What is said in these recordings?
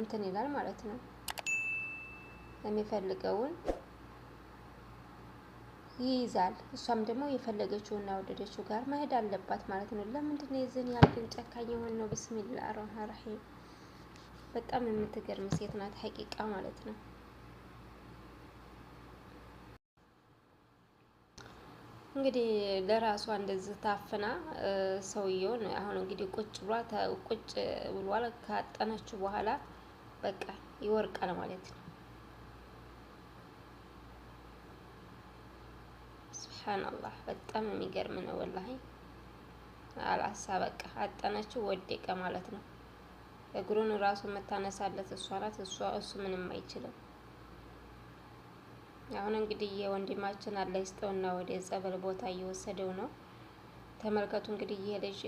እንትን ይላል ማለት ነው የሚፈልገውን ይይዛል። እሷም ደግሞ የፈለገችው እና ወደደችው ጋር መሄድ አለባት ማለት ነው። ለምንድን ነው የዚህን ያህል ግን ጨካኝ የሆን ነው? ብስሚላ ራህማን ራሂም በጣም የምትገርም ሴት ናት ሐቂቃ ማለት ነው። እንግዲህ ለራሷ እንደዚህ ታፍና ሰውየውን አሁን እንግዲህ ቁጭ ብሏ ቁጭ ብሏል። ካጠነችው በኋላ በቃ ይወርቃል ማለት ነው። ስብሓንላህ በጣም የሚገርም ነው ወላሂ። አላሳ በቃ አጠነችው ወደቀ ማለት ነው። እግሩን ራሱ የምታነሳለት እሷ ናት። እሱ ምንም አይችልም። አሁን እንግዲህ የወንድማችን አላህ ይስጠውና ወደ ጸበል ቦታ እየወሰደው ነው። ተመልከቱ እንግዲህ ይሄ ልጅ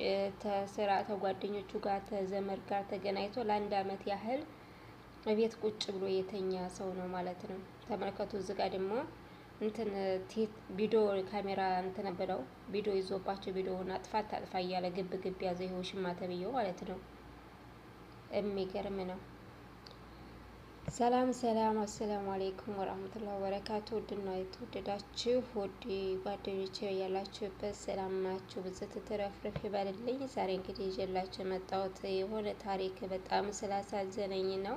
ተስራ ተጓደኞቹ ጋር ተዘመድ ጋር ተገናኝቶ ለአንድ አመት ያህል ቤት ቁጭ ብሎ የተኛ ሰው ነው ማለት ነው። ተመልከቱ እዚህ ጋር ደግሞ እንትን ቪዲዮ ካሜራ እንትን ብለው ቪዲዮ ይዞባቸው ቪዲዮውን አጥፋት አጥፋ እያለ ግብ ግብ ያዘ ይኸው ሽማ ተብዬው ማለት ነው። የሚገርም ነው። ሰላም ሰላም፣ አሰላሙ አሌይኩም ወራህመቱላ ወበረካቱ። ውድና የተወደዳችሁ ውድ ጓደኞች ያላችሁበት ሰላም ናችሁ? ብዙ ትትረፍረፍ ይበልልኝ። ዛሬ እንግዲህ ይዤላችሁ የመጣሁት የሆነ ታሪክ በጣም ስላሳዘነኝ ነው።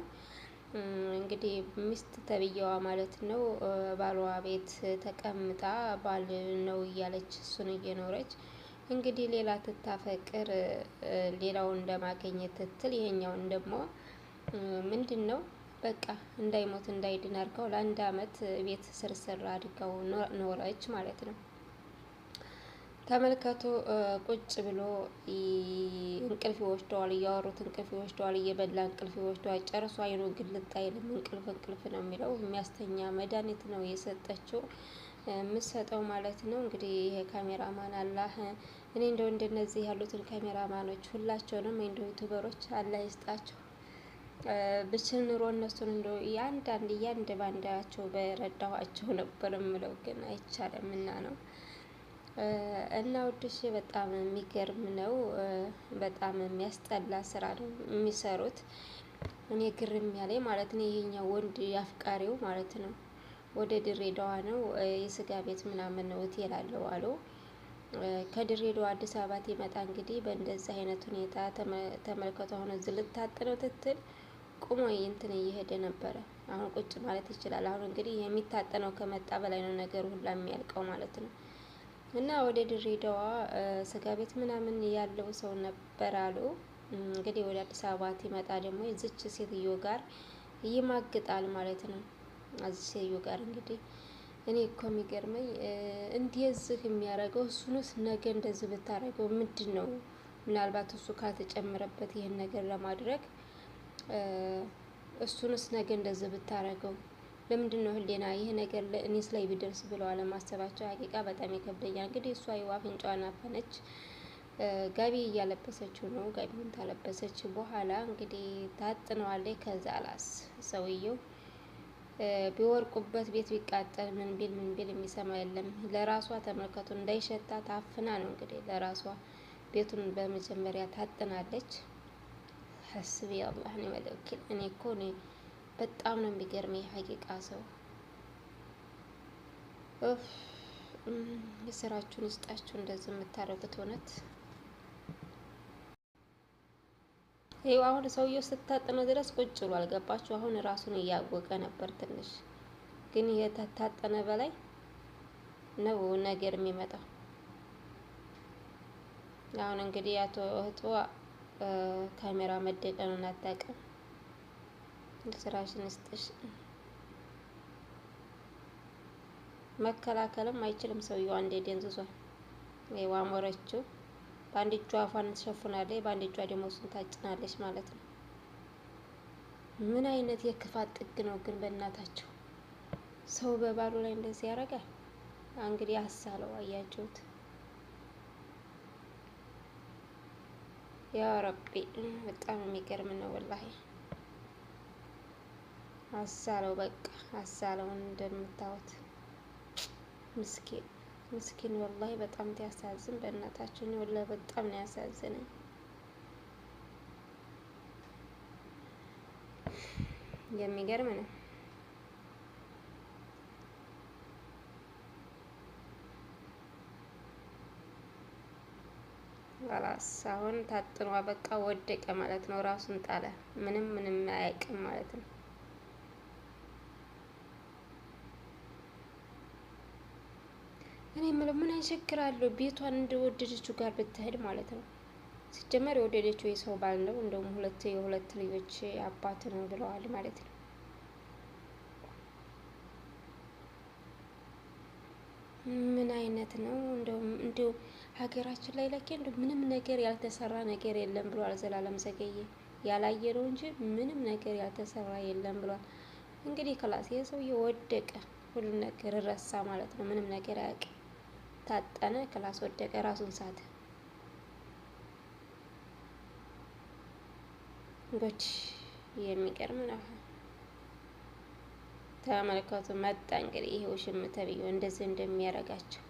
እንግዲህ ሚስት ተብዬዋ ማለት ነው ባሏ ቤት ተቀምጣ ባል ነው እያለች እሱን እየኖረች እንግዲህ ሌላ ትታፈቅር ሌላውን እንደማገኘት ትትል ይሄኛውን ደግሞ ምንድን ነው በቃ እንዳይሞት እንዳይድን አድርገው ለአንድ አመት ቤት ስርስር አድርገው ኖረች ማለት ነው። ተመልከቱ። ቁጭ ብሎ እንቅልፍ ይወስደዋል፣ እያወሩት እንቅልፍ ይወስደዋል፣ እየበላ እንቅልፍ ይወስደዋል። ጨርሶ አይኑ ግልጥ አይልም። እንቅልፍ እንቅልፍ ነው የሚለው። የሚያስተኛ መድኃኒት ነው የሰጠችው የምሰጠው ማለት ነው። እንግዲህ ይሄ ካሜራማን አላህ እኔ እንደው እንደነዚህ ያሉትን ካሜራማኖች ሁላቸውንም እንደው ዩቱበሮች አላህ ይስጣቸው። ብችል ኑሮ እነሱን እንደ እያንዳንድ እያንድ ባንዳያቸው በረዳኋቸው ነበር የምለው፣ ግን አይቻልም እና ነው እና ውድሽ በጣም የሚገርም ነው። በጣም የሚያስጠላ ስራ ነው የሚሰሩት። እኔ ግርም ያለኝ ማለት ነው ይሄኛው ወንድ አፍቃሪው ማለት ነው ወደ ድሬዳዋ ነው የስጋ ቤት ምናምን ነው ሆቴል አለው አሉ። ከድሬዳዋ አዲስ አበባ ይመጣ እንግዲህ በእንደዚህ አይነት ሁኔታ ተመልከቷ ሆነ ዝልታጥ ነው ትትል ቁሞ እንትን እየሄደ ነበረ። አሁን ቁጭ ማለት ይችላል። አሁን እንግዲህ የሚታጠነው ከመጣ በላይ ነው ነገሩ ሁላ የሚያልቀው ማለት ነው። እና ወደ ድሬዳዋ ስጋ ቤት ምናምን ያለው ሰው ነበር አሉ። እንግዲህ ወደ አዲስ አበባ ሲመጣ ደግሞ ዝች ሴትዮ ጋር ይማግጣል ማለት ነው። አዚ ሴትዮ ጋር እንግዲህ እኔ እኮ የሚገርመኝ እንደዚህ የሚያደርገው እሱንስ ነገ እንደዚህ ብታደርገው ምንድን ነው ምናልባት እሱ ካልተጨመረበት ይህን ነገር ለማድረግ እሱንስ ነገ እንደዚህ ብታረገው ለምንድን ነው ህሌና ይህ ነገር እኔስ ላይ ቢደርስ ብለው አለማሰባቸው ሀቂቃ በጣም ይከብደኛል። እንግዲህ እሷ የዋፍ አፍንጫዋን አፈነች። ጋቢ እያለበሰችው ነው። ጋቢውን ታለበሰች በኋላ እንግዲህ ታጥነዋለች። ከዛ አላስ ሰውየው ቢወርቁበት ቤት ቢቃጠል ምን ቢል ምን ቢል የሚሰማ የለም። ለራሷ ተመልከቱ፣ እንዳይሸታ ታፍና ነው እንግዲህ ለራሷ ቤቱን በመጀመሪያ ታጥናለች። ሀስቢ አላህ ነው ወለኪል። እኔ እኮ ነው በጣም ነው የሚገርመኝ የሐቂቃ ሰው። የስራችሁን ይስጣችሁ እንደዚህ የምታደርጉት እውነት። ይኸው አሁን ሰውየው ስታጠነው ድረስ ቁጭ ብሎ አልገባችሁ። አሁን ራሱን እያወቀ ነበር ትንሽ ግን የተታጠነ በላይ ነው ነገር የሚመጣው። አሁን እንግዲህ አቶ እህቷ ካሜራ መደቀኑን አታውቅም። ስራሽን ስጥሽ። መከላከልም አይችልም ሰውየው አንዴ ደንዝዟል። ዋሞረችው። በአንድ እጇ አፏን ትሸፍናለች፣ በአንድ እጇ ደግሞ እሱን ታጭናለች ማለት ነው። ምን አይነት የክፋት ጥግ ነው ግን በእናታቸው ሰው በባሉ ላይ እንደዚህ ያደርጋል? እንግዲህ አሳለው አያችሁት። ያ ረቢ በጣም የሚገርም ነው ወላሂ። አሳለው በቃ አሳለው እንደምታዩት ምስኪን ምስኪን ወላሂ በጣም ያሳዝን። በእናታችን ወላ በጣም ነው ያሳዝነኝ። የሚገርም ነው። ላስ አሁን ታጥኗ በቃ ወደቀ ማለት ነው። ራሱን ጣለ። ምንም ምንም አያውቅም ማለት ነው። እኔ የምለው ምን ያሸግራለሁ? ቤቷን እንደወደደችው ጋር ብትሄድ ማለት ነው። ሲጀመር የወደደችው የሰው ባል ነው። እንደውም ሁለት የሁለት ልጆች አባት ነው ብለዋል ማለት ነው። ምን አይነት ነው እንደው ሀገራችን ላይ ላኪ ምንም ነገር ያልተሰራ ነገር የለም ብሏል ዘላለም ዘገየ። ያላየ ነው እንጂ ምንም ነገር ያልተሰራ የለም ብሏል። እንግዲህ ክላስ ይህ ሰውዬ ወደቀ፣ ሁሉም ነገር ረሳ ማለት ነው። ምንም ነገር አያውቅም። ታጠነ፣ ክላስ ወደቀ፣ ራሱን ሳተ። ጎች የሚገርም ነው። ተመልከቱ መጣ እንግዲህ ይሄው ሽምተ ብዬ እንደዚህ እንደሚያደርጋቸው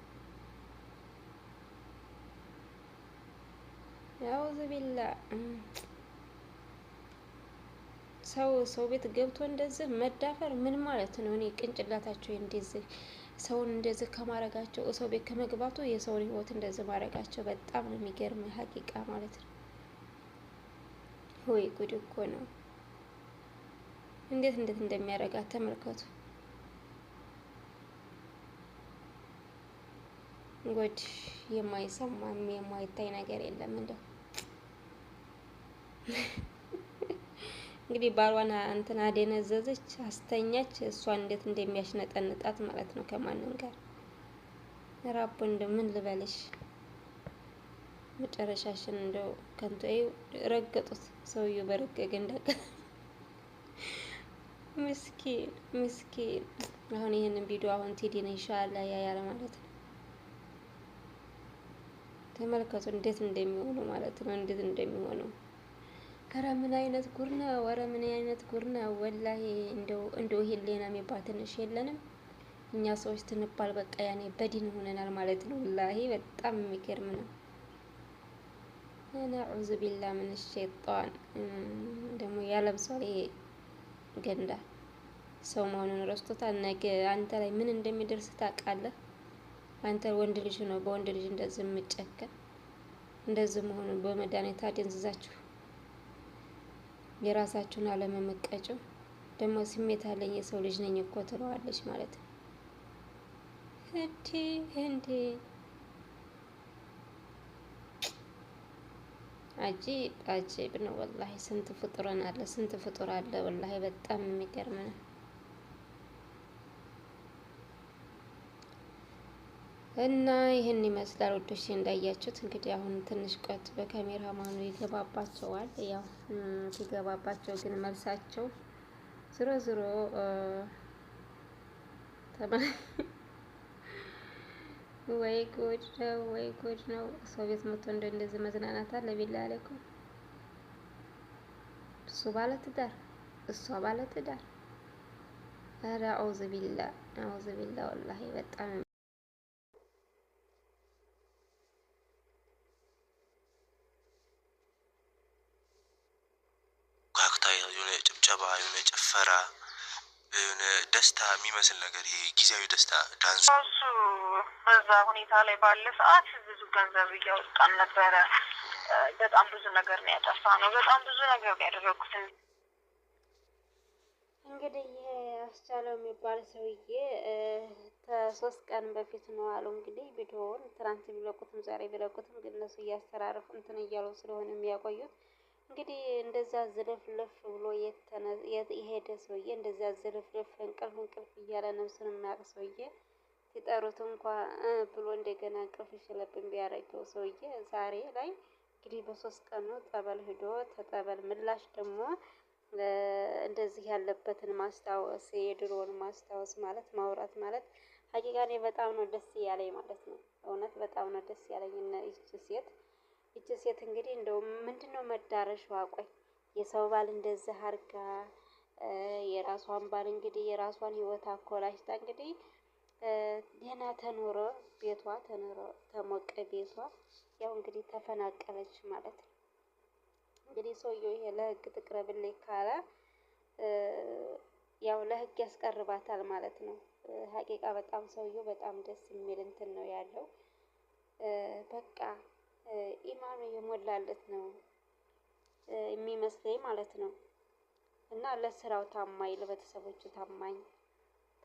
አውዝ ቢላ ሰው ሰው ቤት ገብቶ እንደዚህ መዳፈር ምን ማለት ነው? እኔ ቅንጭላታቸው እንደዚህ ሰውን እንደዚህ ከማረጋቸው ሰው ቤት ከመግባቱ የሰውን ህይወት እንደዚህ ማረጋቸው በጣም ነው የሚገርም ሀቂቃ ማለት ነው። ሆይ ጉድ እኮ ነው። እንዴት እንዴት እንደሚያረጋት ተመልከቱ። ጉድ የማይሰማም የማይታይ ነገር የለም እንደው እንግዲህ ባሏን እንትን አደነዘዘች፣ አስተኛች። እሷ እንዴት እንደሚያሽነጠንጣት ማለት ነው። ከማንም ጋር ራቦ እንደ ምን ልበልሽ፣ መጨረሻሽን እንደው ከንቱ ረገጡት። ሰውየው በረገገ እንዳቀ ምስኪን ምስኪን። አሁን ይህንን ቪዲዮ አሁን ቴዲ ነው ይሻላ ያያለ ማለት ነው። ተመልከቱ እንዴት እንደሚሆኑ ማለት ነው፣ እንዴት እንደሚሆነው ከረ ምን አይነት ጉር ነው? ወረ ምን አይነት ጉር ነው? ወላሂ እንደው ሄሌና የሚባል ትንሽ የለንም እኛ ሰዎች ትንባል በቃ ያኔ በዲን ሆነናል ማለት ነው። ወላሂ በጣም የሚገርም ነው። ነዑዙ ቢላ ምን ሸይጣን ደግሞ ያለብሷል። ይሄ ገንዳ ሰው መሆኑን ረስቶታል። ነገ አንተ ላይ ምን እንደሚደርስ ታውቃለህ? አንተ ወንድ ልጅ ነው በወንድ ልጅ እንደዚህ የምጨከን እንደዚህ መሆኑን በመድኃኒት አደንዝዛችሁ የራሳችሁን አለመመቀጨው ደግሞ ስሜት አለኝ የሰው ልጅ ነኝ እኮ ትለዋለች ማለት ነው። እንዴ እንዴ አጂብ አጂብ ነው ወላሂ። ስንት ፍጡርን አለ ስንት ፍጡር አለ ወላሂ፣ በጣም የሚገርም ነው። እና ይህን ይመስላል ውዶች እንዳያችሁት እንግዲህ አሁን ትንሽ ቆት በካሜራማኑ ይገባባቸዋል። ያው ሲገባባቸው ግን መልሳቸው ዝሮ ዝሮ ወይ ጉድ ነው፣ ወይ ጉድ ነው። ሰው ቤት መጥቶ እንደ እንደዚህ መዝናናት አለ። ቢላ አለይኩም እሱ ባለ ትዳር፣ እሷ ባለ ትዳር። ኧረ አውዝ ቢላ አውዝ ቢላ ወላሂ በጣም ደስታ የሆነ ጭብጨባ የሆነ ጭፈራ የሆነ ደስታ የሚመስል ነገር ይሄ ጊዜያዊ ደስታ ዳንስ እሱ በዛ ሁኔታ ላይ ባለ ሰዓት ብዙ ገንዘብ እያወጣን ነበረ። በጣም ብዙ ነገር ነው ያጠፋ ነው። በጣም ብዙ ነገር ነው ያደረጉት። እንግዲህ ይሄ አስቻለው የሚባል ሰውዬ ከሶስት ቀን በፊት ነው አሉ። እንግዲህ ቪዲዮውን ትናንት ቢለቁትም ዛሬ ቢለቁትም ግን እነሱ እያስተራረፉ እንትን እያሉ ስለሆነ የሚያቆዩት እንግዲህ እንደዛ ዝልፍልፍ ብሎ የሄደ ሰውዬ እንደዛ ዝልፍልፍ እንቅልፍ እንቅልፍ እያለ ነብሱን የሚያውቅ ሰውዬ ሲጠሩት እንኳ ብሎ እንደገና እንቅልፍ ይሽለብን ቢያደርገው ሰውዬ ዛሬ ላይ እንግዲህ በሶስት ቀኑ ጠበል ሂዶ ተጠበል ምላሽ ደግሞ እንደዚህ ያለበትን ማስታወስ የድሮውን ማስታወስ ማለት ማውራት ማለት ሀቂቃኔ በጣም ነው ደስ ያለኝ ማለት ነው። እውነት በጣም ነው ደስ ያለኝ ይቺ ሴት ይቺ ሴት እንግዲህ እንደው ምንድን ነው መዳረሻዋ? ቆይ የሰው ባል እንደዚህ አርጋ የራሷን ባል እንግዲህ የራሷን ህይወት አኮላሽታ እንግዲህ ደህና ተኖረ ቤቷ ተኖረ ተሞቀ ቤቷ ያው እንግዲህ ተፈናቀለች ማለት ነው። እንግዲህ ሰውየው ይሄ ለህግ ትቅረብልኝ ካለ ያው ለህግ ያስቀርባታል ማለት ነው። ሀቂቃ በጣም ሰውየው በጣም ደስ የሚል እንትን ነው ያለው በቃ ኢማኑ የሞላለት ነው የሚመስለኝ ማለት ነው። እና ለስራው ታማኝ፣ ለቤተሰቦቹ ታማኝ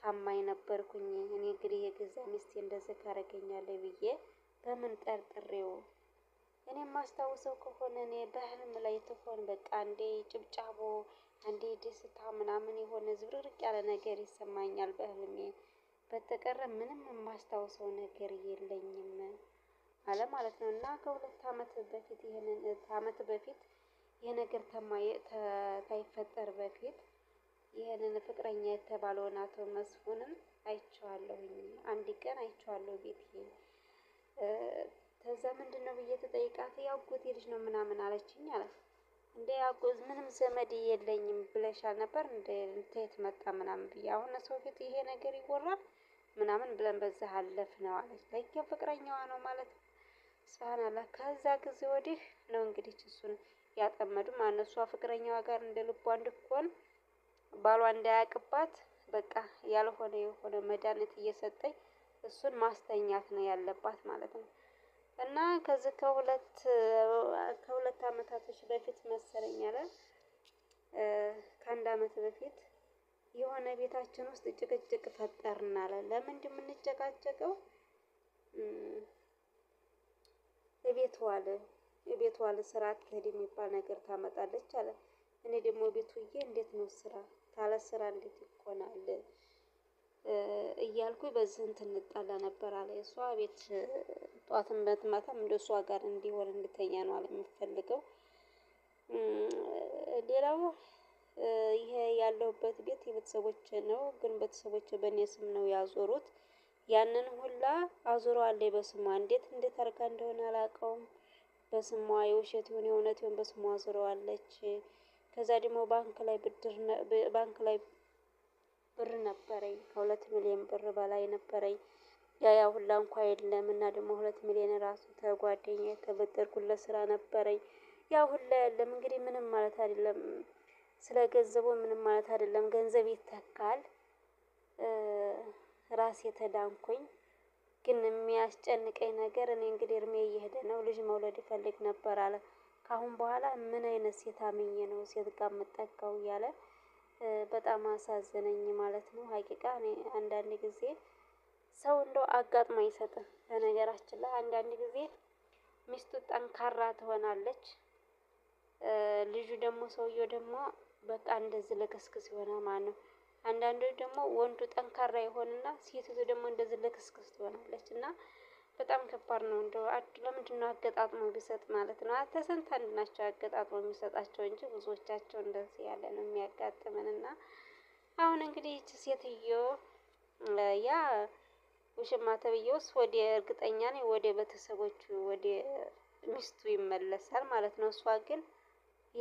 ታማኝ ነበርኩኝ። እኔ እንግዲህ የገዛ ሚስቴ እንደዚህ ካረገኛለ ብዬ በምን ጠርጥሬው? እኔ የማስታውሰው ከሆነ እኔ በህልም ላይ ትሆን በቃ አንዴ ጭብጫቦ፣ እንዴ ደስታ ምናምን የሆነ ዝብርርቅ ያለ ነገር ይሰማኛል በህልሜ። በተቀረ ምንም የማስታውሰው ነገር የለኝም። አለ ማለት ነው። እና ከሁለት ዓመት በፊት ይሄንን ዓመት በፊት ይሄ ነገር ታይፈጠር በፊት ይሄንን ፍቅረኛ የተባለውን አቶ መስፍንም አይቼዋለሁኝ አንድ ቀን አይቼዋለሁ ቤት ከዛ ምንድን ነው ብዬ ተጠይቃት ያጎቴ ልጅ ነው ምናምን አለችኝ አለ እንደ ያጎዝ ምንም ዘመድ የለኝም ብለሻል ነበር እንደ ከየት መጣ ምናምን ብዬ አሁን ሰው ፊት ይሄ ነገር ይወራል ምናምን ብለን በዛ አለፍ ነው አለች ለየ ፍቅረኛዋ ነው ማለት ስብሃናላ ከዛ ጊዜ ወዲህ ነው እንግዲህ እሱን ያጠመዱ ማነሷ እሷ ፍቅረኛዋ ጋር እንደ ልቧ እንድትሆን ባሏ እንዳያቅባት በቃ ያልሆነ የሆነ መድኃኒት እየሰጠኝ እሱን ማስተኛት ነው ያለባት ማለት ነው። እና ከዚህ ከሁለት ከሁለት አመታቶች በፊት መሰለኝ አለ ከአንድ አመት በፊት የሆነ ቤታችን ውስጥ ጭቅጭቅ ፈጠርን አለ። ለምንድን የምንጨቃጨቀው? እቤት ዋለ እቤት ዋለ ስራ አትሄድ የሚባል ነገር ታመጣለች አለ። እኔ ደግሞ ቤት ውዬ እንዴት ነው ስራ ካለ ስራ እንዴት ይኮናል እያልኩ በዚህ እንትን እንጣላ ነበር አለ። እሷ ቤት ጧትን በትማታም እንደ እሷ ጋር እንዲሆን እንድተኛ ነው አለ የምፈልገው። ሌላው ይሄ ያለሁበት ቤት የቤተሰቦች ነው፣ ግን ቤተሰቦች በእኔ ስም ነው ያዞሩት። ያንን ሁላ አዙረዋለች በስሟ። እንዴት እንዴት እንደሆነ አላውቀውም። በስሟ የውሸት ይሁን የእውነት ይሁን በስሟ አዙረዋለች። ከዛ ደግሞ ባንክ ላይ ብድር ባንክ ላይ ብር ነበረኝ ከሁለት ሚሊዮን ብር በላይ ነበረኝ። ያ ያ ሁላ እንኳ የለም እና ደግሞ ሁለት ሚሊዮን ራሱ ተጓደኛ የተበደርኩለት ስራ ነበረኝ። ያ ሁላ የለም። እንግዲህ ምንም ማለት አይደለም፣ ስለ ገንዘቡ ምንም ማለት አይደለም። ገንዘብ ይተካል። ራስ የተዳንኩኝ ግን የሚያስጨንቀኝ ነገር እኔ እንግዲህ እድሜ እየሄደ ነው፣ ልጅ መውለድ ይፈልግ ነበር አለ። ካሁን በኋላ ምን አይነት ሴት አምኜ ነው ሴት ጋር የምጠጋው እያለ በጣም አሳዘነኝ ማለት ነው። ሀቂቃ እኔ አንዳንድ ጊዜ ሰው እንደው አጋጥሞ አይሰጥም። በነገራችን ላይ አንዳንድ ጊዜ ሚስቱ ጠንካራ ትሆናለች፣ ልጁ ደግሞ ሰውየው ደግሞ በቃ እንደዚህ ልክስክስ ይሆናል ማለት ነው። አንዳንዶች ደግሞ ወንዱ ጠንካራ የሆንና ሴቲቱ ደግሞ እንደዚህ ልክስክስ ትሆናለች እና በጣም ከባድ ነው። እንደው ለምንድን ነው አገጣጥሞ ቢሰጥ ማለት ነው። ስንት አንድ ናቸው አገጣጥሞ የሚሰጣቸው እንጂ ብዙዎቻቸው እንደዚህ ያለ ነው የሚያጋጥመን። እና አሁን እንግዲህ ይቺ ሴትዮ ያ ውሽማ ተብዬውስ ወደ እርግጠኛ ነኝ ወደ ቤተሰቦቹ ወደ ሚስቱ ይመለሳል ማለት ነው። እሷ ግን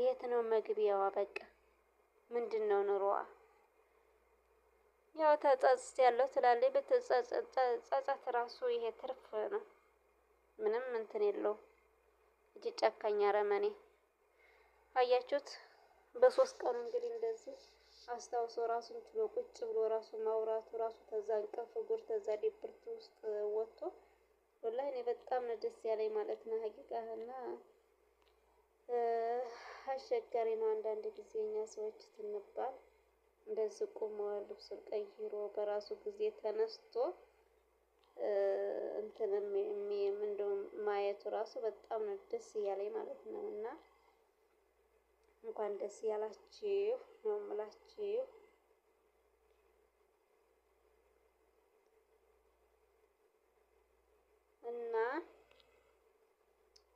የት ነው መግቢያዋ? በቃ ምንድን ነው ኑሮዋ? ያው ተጸጽት ያለው ትላለች። በተጸጸት ራሱ ይሄ ትርፍ ነው። ምንም እንትን የለው። እጅ ጨካኝ አረመኔ አያችሁት። በሶስት ቀን እንግዲህ እንደዚህ አስታውሶ ራሱን ችሎ ቁጭ ብሎ ራሱ ማውራቱ ራሱ ከዛ እንቅልፍ ጉር ተዛ ድብርት ውስጥ ወጥቶ ወላሂ እኔ በጣም ነው ደስ ያለኝ ማለት ነው። ሀቂቃ እና አስቸጋሪ ነው አንዳንድ ጊዜ እኛ ሰዎች ስንባል እንደዚህ ቁመዋል። ልብሱን ቀይሮ በራሱ ጊዜ ተነስቶ እንትንም እንትን እንደው ማየቱ ራሱ በጣም ነው ደስ እያለኝ ማለት ነው። እና እንኳን ደስ ያላችሁ ነው የምላችሁ። እና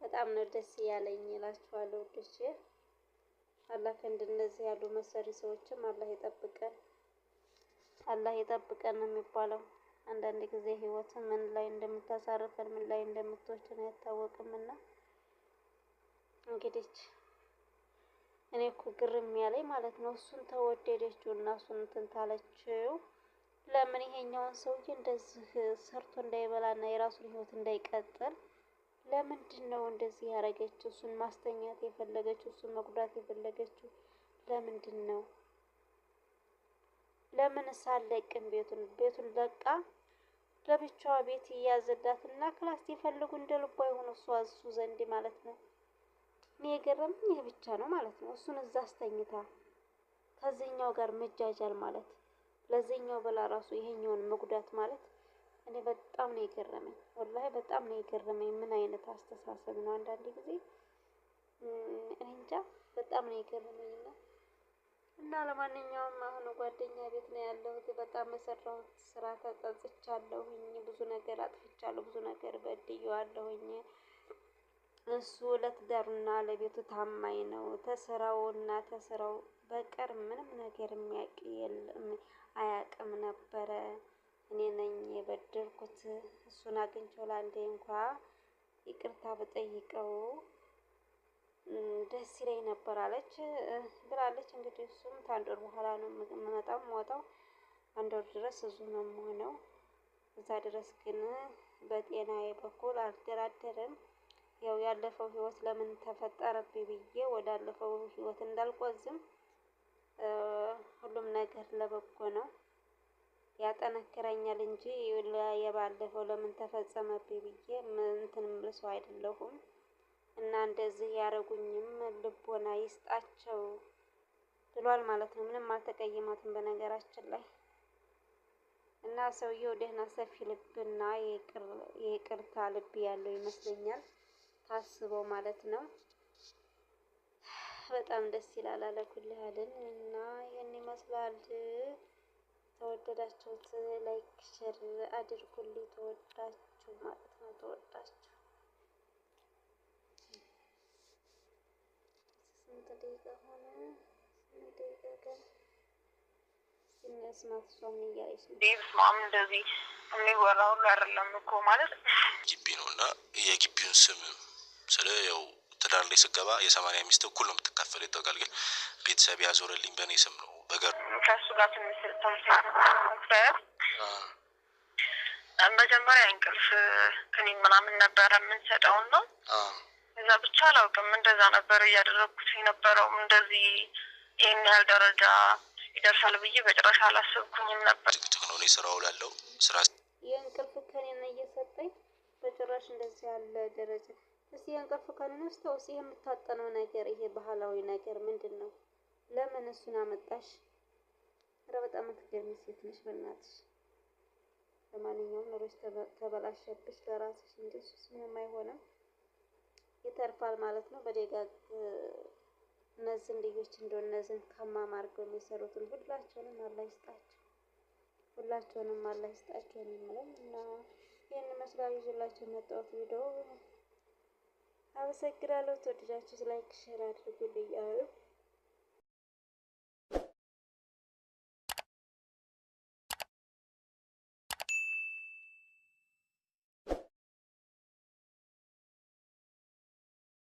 በጣም ነው ደስ እያለኝ እላችኋለሁ ውዶቼ። አላህ እንደነዚህ ያሉ መሰሪ ሰዎችም አላህ ይጠብቀን። አላህ ይጠብቀን ነው የሚባለው። አንዳንድ ጊዜ ህይወትን ምን ላይ እንደምታሳርፈን ምን ላይ እንደምትወስደን አይታወቅም እና እንግዲህ እኔ እኮ ግርም ያለኝ ማለት ነው እሱን ተወደደችው እና እሱን እንትን ታለችው ለምን ይሄኛውን ሰውዬ እንደዚህ ሰርቶ እንዳይበላና የራሱን ህይወት እንዳይቀጥል ለምንድን ነው እንደዚህ ያደረገችው? እሱን ማስተኛት የፈለገችው እሱን መጉዳት የፈለገችው ለምንድን ነው? ለምን አለቅን ቤቱን ቤቱን ለቃ ለብቻዋ ቤት እያዘዳት እና ክላስ የፈልጉ እንደ ልቧ የሆነ እሷ እሱ ዘንድ ማለት ነው። እኔ የገረመኝ ይህ ብቻ ነው ማለት ነው። እሱን እዛ አስተኝታ ከዚህኛው ጋር መጃጃል ማለት ለዚህኛው ብላ ራሱ ይሄኛውን መጉዳት ማለት እኔ በጣም ነው የገረመኝ፣ ወላሂ በጣም ነው የገረመኝ። ምን አይነት አስተሳሰብ ነው? አንዳንድ ጊዜ እኔ እንጃ፣ በጣም ነው የገረመኝ እና እና ለማንኛውም አሁን ጓደኛ ቤት ነው ያለሁት። በጣም በሰራሁት ስራ ተጸጽቻለሁኝ። ብዙ ነገር አጥፍቻለሁ፣ ብዙ ነገር በድየዋለሁኝ። እሱ ለትዳሩና ለቤቱ ታማኝ ነው። ተስራውና ተስራው በቀር ምንም ነገር የሚያውቅ አያውቅም ነበረ እኔ ነኝ የበደልኩት። እሱን አግኝቼው ለአንዴ እንኳ ይቅርታ ብጠይቀው ደስ ይለኝ ነበር አለች ብላለች። እንግዲህ እሱም ከአንድ ወር በኋላ ነው የምመጣው የምወጣው፣ አንድ ወር ድረስ እዙ ነው የምሆነው። እዛ ድረስ ግን በጤናዬ በኩል አልደራደርም። ያው ያለፈው ህይወት ለምን ተፈጠረብኝ ብዬ ወዳለፈው ህይወት እንዳልቆዝም ሁሉም ነገር ለበጎ ነው። ያጠነክረኛል እንጂ የባለፈው ለምን ተፈጸመብኝ ብዬ እንትን ምል ሰው አይደለሁም። እና እንደዚህ ያደረጉኝም ልቦና ይስጣቸው ብሏል ማለት ነው። ምንም አልተቀየማትም በነገራችን ላይ እና ሰውየው ደህና ሰፊ ልብና የቅርታ ልብ ያለው ይመስለኛል ታስበው ማለት ነው። በጣም ደስ ይላል አለኩልህልን እና ይህን ይመስላል። ከወደዳችሁት ላይክ ሸር አድርጉልኝ። ተወዳችሁ ማለት ነው ተወዳችሁ ስንት ደቂቃ ሆነ? ስንት ደቂቃ እያለች ነው እንደዚህ የሚወራ ሁሉ አይደለም እኮ ማለት ግቢ ነው እና የግቢውን ስም ስለ ያው ትዳር ላይ ስገባ የሰማንያ ሚስት እኩል ነው የምትካፈል ይታወቃል። ግን ቤተሰብ ያዞረልኝ በእኔ ስም ነው በገር ከእሱ ጋር ትንሽ ተመሳሳይ መጀመሪያ እንቅልፍ ክኒን ምናምን ነበረ የምንሰጠው ነው። እዛ ብቻ አላውቅም፣ እንደዛ ነበር እያደረግኩት የነበረውም እንደዚህ ይህን ያህል ደረጃ ይደርሳል ብዬ በጭራሽ አላሰብኩኝም ነበር። ጭቅጭቅ ነው ስራው ላለው ስራ የእንቅልፍ ክኒን እየሰጠኝ በጭራሽ እንደዚህ ያለ ደረጃ እስኪ የእንቅልፍ ክኒን ውስጥ ውስጥ የምታጠነው ነገር ይሄ ባህላዊ ነገር ምንድን ነው? ለምን እሱን አመጣሽ? ኧረ በጣም አትገርሚ ሴት ነሽ በእናትሽ። ለማንኛውም ኑሮሽ ተበላሸብሽ ለራስሽ እንጂ እሱስ ምንም አይሆንም፣ ይተርፋል ማለት ነው። በደጋግ እነዚህን ልጆች እንደው እነዚህን ከማማ አድርገው የሚሰሩትን ሁላቸውንም አላህ ይስጣቸው፣ ሁላቸውንም አላህ ይስጣቸው ነው የምለው እና ይህን መስሪያ ይዤላቸው የመጣሁት ቪዲዮ። አመሰግናለሁ። ተወዳጆች ላይክ ሼር አድርጉልኝ።